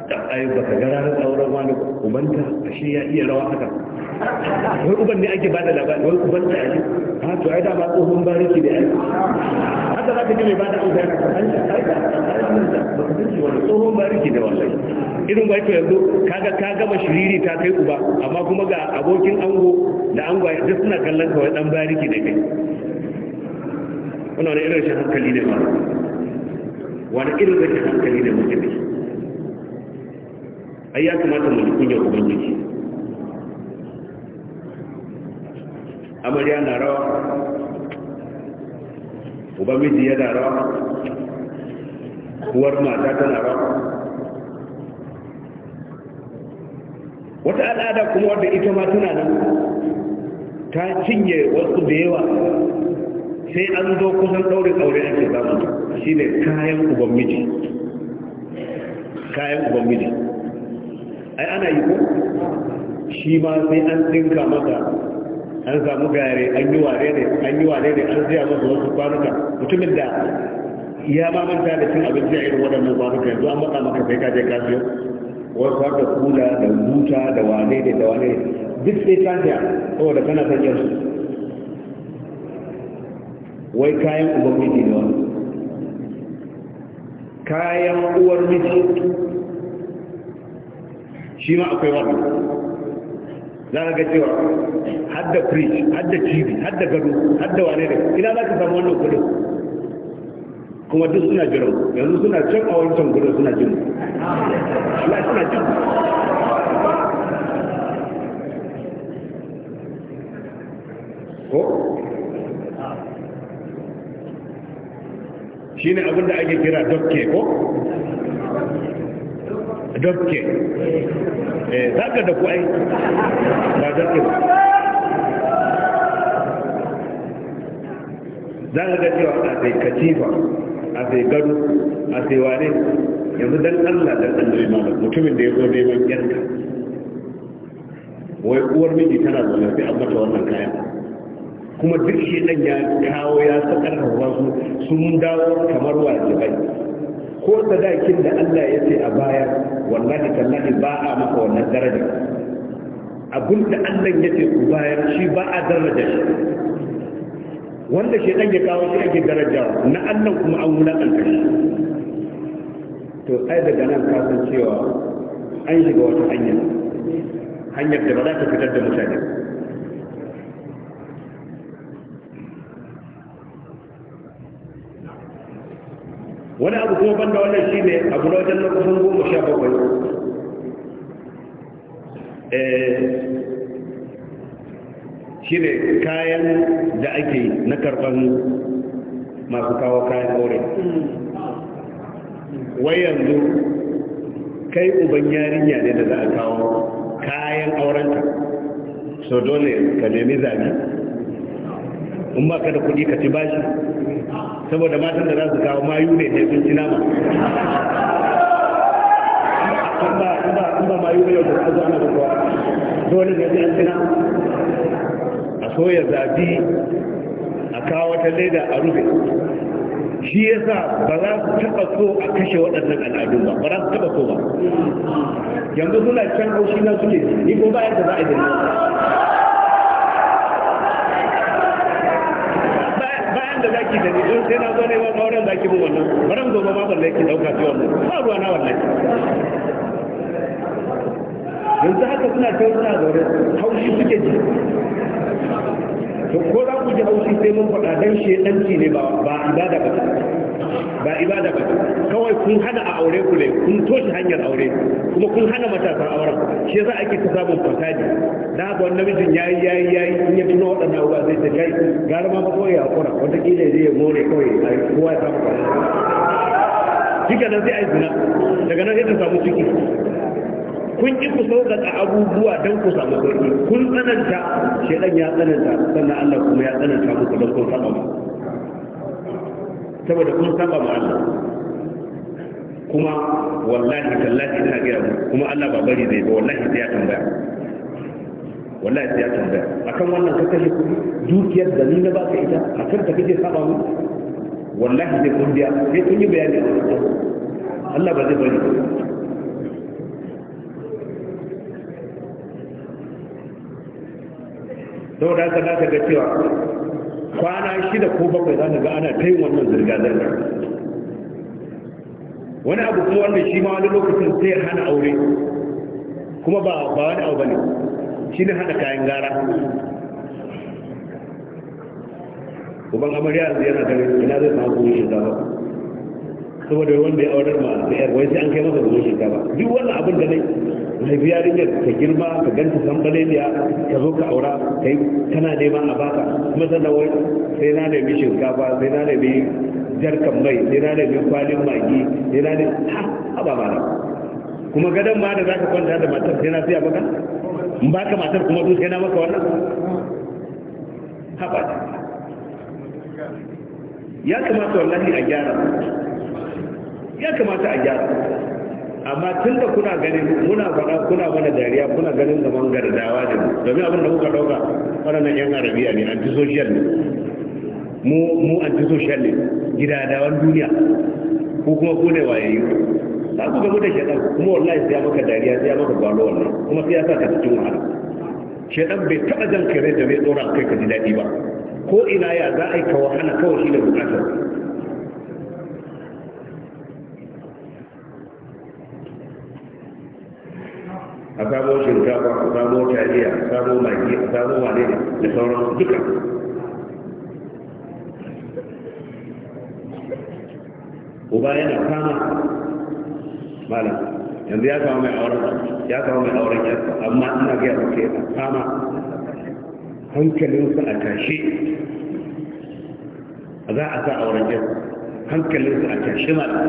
ba ka gara na tsawon wani kubanta a shi ya iya rawa haka wai uban ne ake bada labari wai ubanta a shi ha to ai da ba tsohon bariki da ai haka za ka ji mai bada da a shi ai da ba ka san wani tsohon bariki da wallahi irin ba yanzu kaga ka gama shiriri ta kai uba amma kuma ga abokin ango da ango duk suna kallon kawai dan bariki da kai wannan irin shi hankali ne ba wani irin da hankali ne mutum ne ai ya kamata mu kunya kunyar ubangiji amarya na rawa ubangiji da rawa uwar mata tana rawa wata al'ada kuma wadda ita ma tana nan ta cinye wasu da yawa sai an zo kusan ɗaure ƙaure ake zama shi ne kayan uban miji kayan uban miji ai ana yi ko shi ma sai an ɗinka maka, an samu gare an yi ware ne an yi ware ne an zaya masa wasu kwanuka mutumin da ya manta da cin abinci a irin waɗannan kwanuka yanzu an maka maka sai ka je ka wasu haka kula da buta da wane da da wane duk sai ta ja saboda kana sanyar su wai kayan uban miji ne wani kayan uwar miji shi ma akwai wani za ka ga cewa hadda fridge hadda tv hadda gado hadda wane da ina za ka samu wannan kudin kuma duk suna jiran yanzu suna can a wancan gudu suna jin suna jin ko shi ne abinda ake kira dokke ko dokke? eh za ka da kuwa ba dokke ba za ka ga cewa a katifa a sai gado a sai wane yanzu dan Allah dan annabi malam mutumin da ya zo neman yanka wai uwar miji tana zaune sai an mata wannan kaya kuma duk shi dan ya kawo ya sakar da wasu sun dawo kamar wajibai ko sadakin da Allah ya ce a baya wallahi tallahi ba a maka wannan daraja abin da Allah ya ce ku bayar shi ba a daraja shi wanda shedan ya kawo shi ake daraja na annan kuma an wulakanta shi to ai daga nan ka san cewa an shiga wata hanyar, hanyar da ba za ta fitar da mutane wani abu kuma banda wannan shi ne abu na wajen lokacin goma sha bakwai eh, cire kayan da ake na karban masu kawo kayan aure wai yanzu kai uban yarinya ne da za a kawo kayan aurenta so dole ka nemi zabi in ba ka da kudi ka ci bashi saboda matan da za su kawo mayu ne ne sun ci nama in ba mayu ne yau da su ana da kowa dole ne sun ci nama so ya zabi a kawo wata leda a rufe shi ya sa ba za su taba so a kashe waɗannan al'adu ba ba za su taba so ba yanzu suna can haushi na suke ni ko bayan da za a yi bayan da zaki da ni sai na zo ne wa mauren zaki bu wannan baran gobe ma balle ki dauka ce wannan ba ruwa na wannan yanzu haka suna kai suna zaure haushi suke ji to ko za ku ji haushi sai mun faɗa dan shedanci ne ba ba ibada ba ba ibada ba kawai kun hana a aure ku ne kun toshe hanyar aure kuma kun hana matasan auren shi yasa ake ta samun fasadi da haka wani namijin yayi yayi yayi in ya tuna waɗannan abubuwa zai ta kai gara ma ba kawai ya hakura wataƙila zai ya more kawai kowa ya samu kwanci shi kenan sai a yi zina daga nan sai ta samu ciki kun ki ku sauƙaƙa abubuwa don ku samu sauki kun tsananta dan ya tsananta sannan Allah kuma ya tsananta muku don kun saba ba saboda kun saba ma Allah kuma wallahi tallahi ina ga mu kuma Allah ba bari zai ba wallahi sai ya tambaya wallahi sai ya tambaya akan wannan ka kashe kuɗi dukiyar da ni na ka ita akan ta kake saba mu wallahi sai kun biya sai kun yi bayani Allah ba zai bari saboda haka za ka ga cewa kwana shida ko bakwai za ka ga ana ta yin wannan zirga-zirga wani abu kuma wanda shi ma wani lokacin sai hana aure kuma ba wani abu bane shi ne hana kayan gara kuma amarya yanzu yana da ina zai samu kuma shi zama saboda wanda ya aurar ma da yar wai sai an kai masa da buhun shinkafa duk wannan abin da nai haifi yarinyar ka girma ka ganta san baleliya ka zo ka aura kai kana nema a baka kuma sannan wai sai na nemi shinkafa sai na nemi jarkan mai sai na nemi kwalin magi sai na nemi ha ba mana kuma gadon ma da zaka kwanta da matar sai na siya baka in baka matar kuma duk sai na maka wannan haba ya kamata wallahi a gyara ya kamata a gyara amma tun da kuna ganin muna faɗa kuna mana dariya kuna ganin zaman gardawa ne domin abin da kuka ɗauka waɗannan yan arabiya ne antisocial ne mu mu antisocial ne gidadawan duniya ko kuma ku ne wayayi za ku gamu da shaɗan kuma wallahi sai ya maka dariya sai ya maka gwalo wannan kuma sai ya sa ka cikin wahala shaɗan bai taɓa jan kare da bai tsora kai ka ji daɗi ba ko ina ya za a yi ka wahala kawai shi da bukatar a samo shinkafa a samo taliya a samo magi a samo wane da sauran duka uba yana kama malam yanzu ya samu mai auren ya samu mai auren yarsa amma ina ga yarsa ke kama hankalinsa a tashi za a sa auren yarsa hankalinsa a tashi malam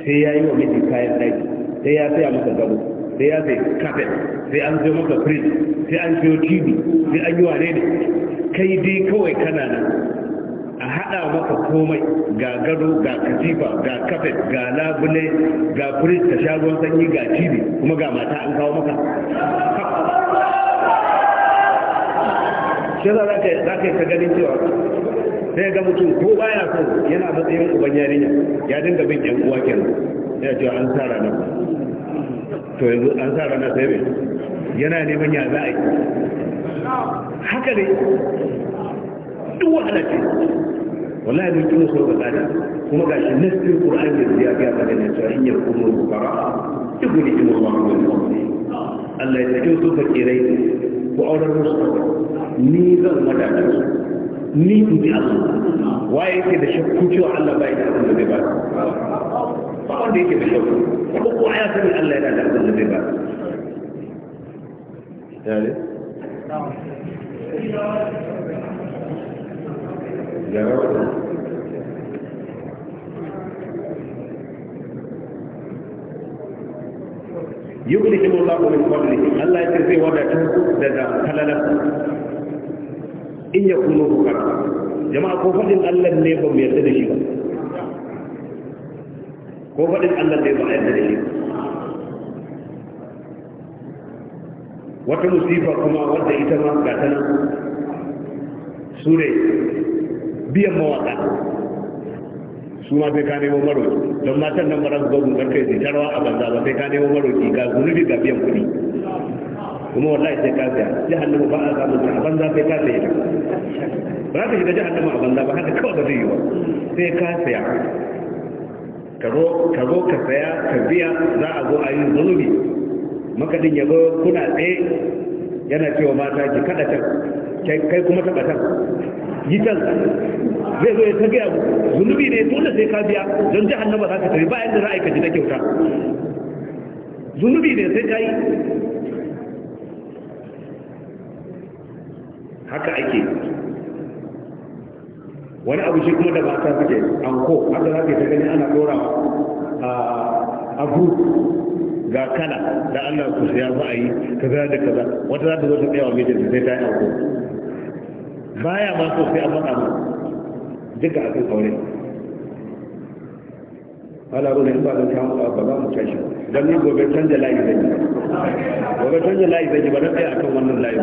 sai ya yi wa miji kayan ɗaki sai ya saya masa gabo sai ya zai kafet sai an zai maka fridge sai an siyo tv sai an yi wane ne kai dai kawai kana nan a haɗa maka komai ga gado ga katifa ga kafet ga labule ga fridge ka sha ruwan sanyi ga tv kuma ga mata an kawo maka shi za ka yi ta ganin cewa sai ga mutum ko baya so yana matsayin uban yarinya ya dinga bin yan uwa kenan ya ce an tsara nan to yanzu an sa ranar sai mai yana neman ya za a yi haka ne duk wahala wallahi duk kuma so ga tsada kuma gashi nasirin qur'ani da ya ga kada ne cewa in ya kuma bukara duk ne kuma ba mu da Allah ya tafi su fakirai ku auren musu ni zan wadata su ni in ji Allah waye yake da shakku cewa Allah bai da abin da bai ba ba wanda yake da kyau ko ko ya sani Allah yana da abin da zai ba yare yare yughlihim Allahu min fadlihi Allah ya tirzi wadatu daga halala in yakunu fukara jama'a ko fadin Allah ne ba mu yarda da shi ba ko faɗin Allah bai ba yadda da shi wata musifa kuma wadda ita ma ga ta su ne biyan mawaƙa su ma sai ka nemo maroki don matan nan marar zo karfe kai su tarwa a banza ba sai ka nemo maroki ga zunubi ga biyan kuɗi kuma wallahi sai ka siya jahannama ba a samun a banza sai ka siya ba za ka shiga jahannama a banza ba haka kawai ba zai yi ba sai ka siya ka zo ka saya ka biya za a zo a yi zunubi Makadin ya zo kuna tsaye yana cewa mata ki kada can kai kuma taɓa can yi can zai zo ya ta gaya zunubi ne dole sai ka biya don jahannama za ka tafi bayan da za a yi ka ji na kyauta zunubi ne sai ka yi haka ake wani abu shi kuma da ba ta an anko haka za ka ta gani ana dora a group ga kala da Allah ku ya za a yi kaza da kaza wata za ta zo ta tsaye wa mijin sai ta yi anko baya ma so sai a faɗa ma duka a kan aure ala ruwa in ba zan kawo ba za mu tashi don ni gobe canja layi zai yi gobe canja layi zai yi ba na tsaye akan wannan layi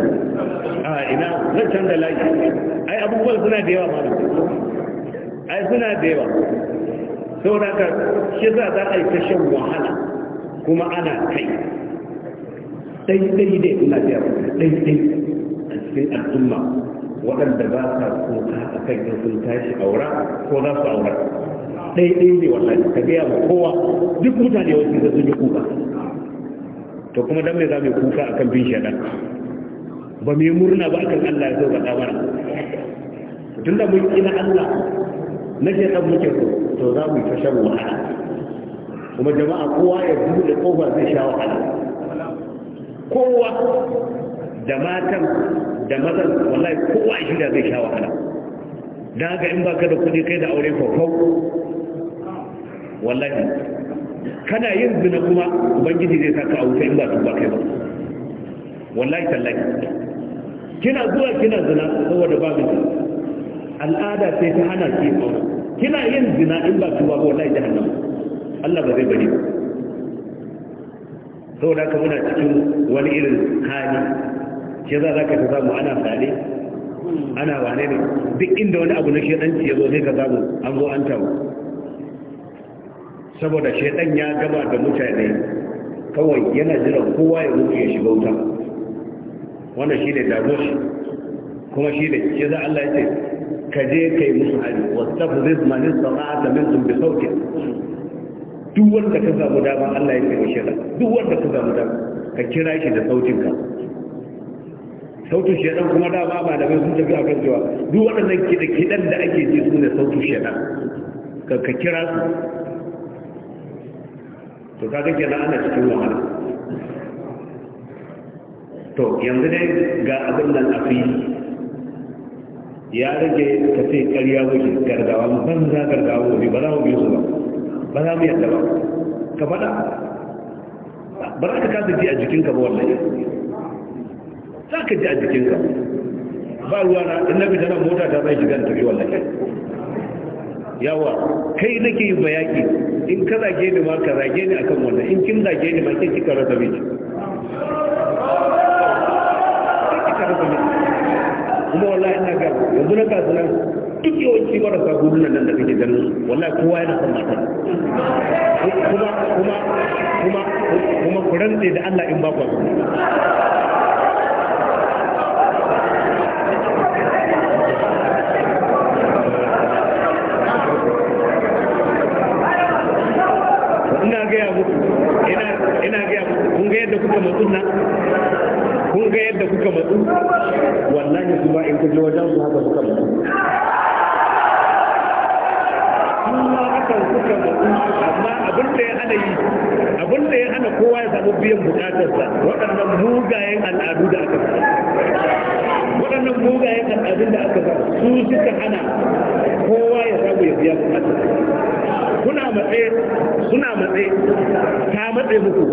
a ina zan canja layi ai abubuwan suna da yawa ma ai suna da yawa saboda ka shi za a yi shan wahala kuma ana kai dai dai suna da yawa a cikin al'umma waɗanda ba sa kuka a kan in sun tashi aura ko za su aura dai ne wallahi ka gaya ma kowa duk mutane wasu da sun yi kuka to kuma dan me za mu yi kuka akan bin shaɗan ba mu murna ba akan Allah ya zo ga mana tun da mun kina Allah na ke ɗan muke so to za mu yi ta shan wahala kuma jama'a kowa ya buɗe ƙofa zai sha wahala kowa da matan da mazan wallahi kowa ya shida zai sha wahala da haka in baka da kuɗi kai da aure kwakwau wallahi kana yin zina kuma ubangiji zai saka a wuta in ba tuba kai ba wallahi tallahi kina zuwa kina zina saboda babu al'ada sai ta hana ke aure kina yin zina in ba tuba ba wallahi jahannam Allah ba zai bari ba saboda ka muna cikin wani irin hali ke za za ka ta samu ana fade ana wane ne duk inda wani abu na shedanci ya zo sai ka samu an zo an tawo saboda shedan ya gaba da mutane kawai yana jiran kowa ya mutu ya shiga wuta wannan shi ne damuwa kuma shi ne ke za Allah ya ce Kaje kai musu hali wasu zai zama ne sana'a sun bi sauke duk wanda ka samu dama Allah ya kai shara duk wanda ka samu dama ka kira shi da sautin ka sautin shedan kuma dama ba da sun tafi kan cewa duk waɗannan kiɗan da ake ji su ne sautin shedan ka ka kira su to ga kenan ana cikin wahala to yanzu dai ga abin nan a fili ya rage ka ce ƙarya wuce gargawa banza za gargawa wuce ba za mu biyu su ba ba za mu yadda ba ka faɗa ba za ka kasa ji a jikinka ba wallahi za ka ji a jikinka ba ruwa na in na fita nan mota ta zai shiga da tafi wallahi yawa kai nake yi bayaki in ka zage ni ma ka zage ni akan wannan in kin zage ni ma kin kika rasa miki kuma wallahi ina ga yanzu na kasu nan duk yawanci marasa gudunan nan da kake ganin wallahi kowa yana son mata kuma kuma kuma kuma ku rantse da Allah in ba ku ina gaya muku ina gaya muku kun ga yadda kuka matsun kun ga yadda kuka matsu wallahi su ba in ka je wajen su haka kuka matsu kuma kuka amma abin da ya hana kowa ya samu biyan bukatarsa waɗannan waɗannan mugayen al'adun da aka sa su suka hana kowa ya samu ya biya bukatarsa suna matsaye ta matsaye muku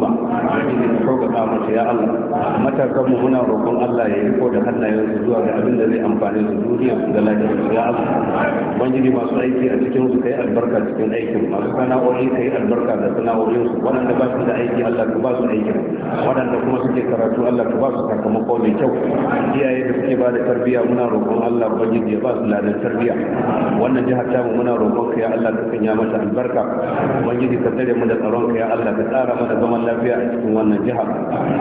al'umma taimaka mata ya Allah matakan mu muna roƙon Allah ya riko da hannayen su zuwa ga abin da zai amfani su duniya da lafiyar su ya Allah ubangiji masu aiki a cikin su kai albarka cikin aikin masu sana'o'i kai albarka da sana'o'in su waɗanda ba su da aiki Allah ka ba su aikin waɗanda kuma suke karatu Allah ka ba su sakamako mai kyau iyaye da suke ba da tarbiyya muna roƙon Allah ubangiji ya ba su ladan tarbiyya wannan jihar tamu muna roƙon ka ya Allah ka sanya mata albarka ubangiji ka tsare mu da tsaron ka ya Allah ka tsara mana zaman lafiya a cikin wannan jihar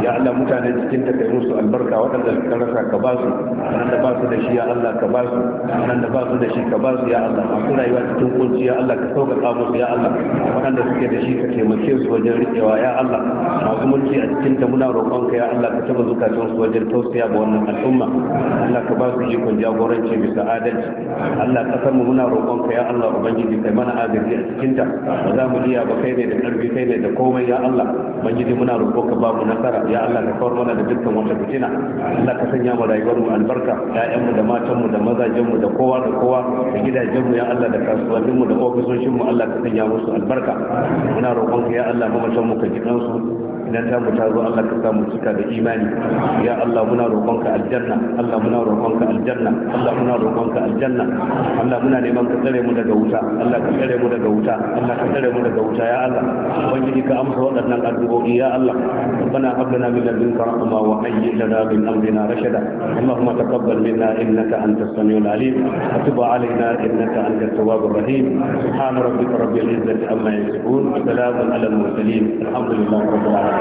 ya Allah mutane cikin ta kai musu albarka waɗanda suka rasa ka ba su waɗanda ba su da shi ya Allah ka ba su waɗanda ba su da shi ka ba su ya Allah masu rayuwa cikin kunci ya Allah ka sauƙaƙa musu ya Allah waɗanda suke da shi ka taimake su wajen riƙewa ya Allah masu mulki a cikin ta muna roƙon ka ya Allah ka taɓa zukatan su wajen tausaya ga wannan al'umma Allah ka ba su ikon jagoranci bisa adalci Allah kasar mu muna roƙon ka ya Allah ubangiji kai mana agaji a cikin ta ba za mu iya ba kai ne da ƙarfi kai ne da komai ya Allah ubangiji muna roƙon ka ba mu nasara ya Allah ka kawar mana da dukkan wata fitina Allah ka sanya mu rayuwar mu albarka ƴaƴan mu da matan mu da mazajen mu da kowa da kowa da gidajen mu ya Allah da kasuwannin mu da ofisoshin mu Allah ka sanya musu albarka muna roƙon ka ya Allah mutum mu ka jikan su idan ta mu ta zo Allah ka samu cika da imani ya Allah muna roƙonka aljanna Allah muna roƙonka aljanna Allah muna roƙonka aljanna Allah muna neman ka tsare mu daga wuta Allah ka tsare mu daga wuta Allah ka tsare mu daga wuta ya Allah ubangiji ka amsa waɗannan addu'o'i ya Allah ربنا هب لنا من لدنك رحمه وهيئ لنا من امرنا رشدا اللهم تقبل منا انك انت السميع العليم وتب علينا انك انت التواب الرحيم سبحان ربك رب العزه عما يصفون وسلام على المرسلين الحمد لله رب العالمين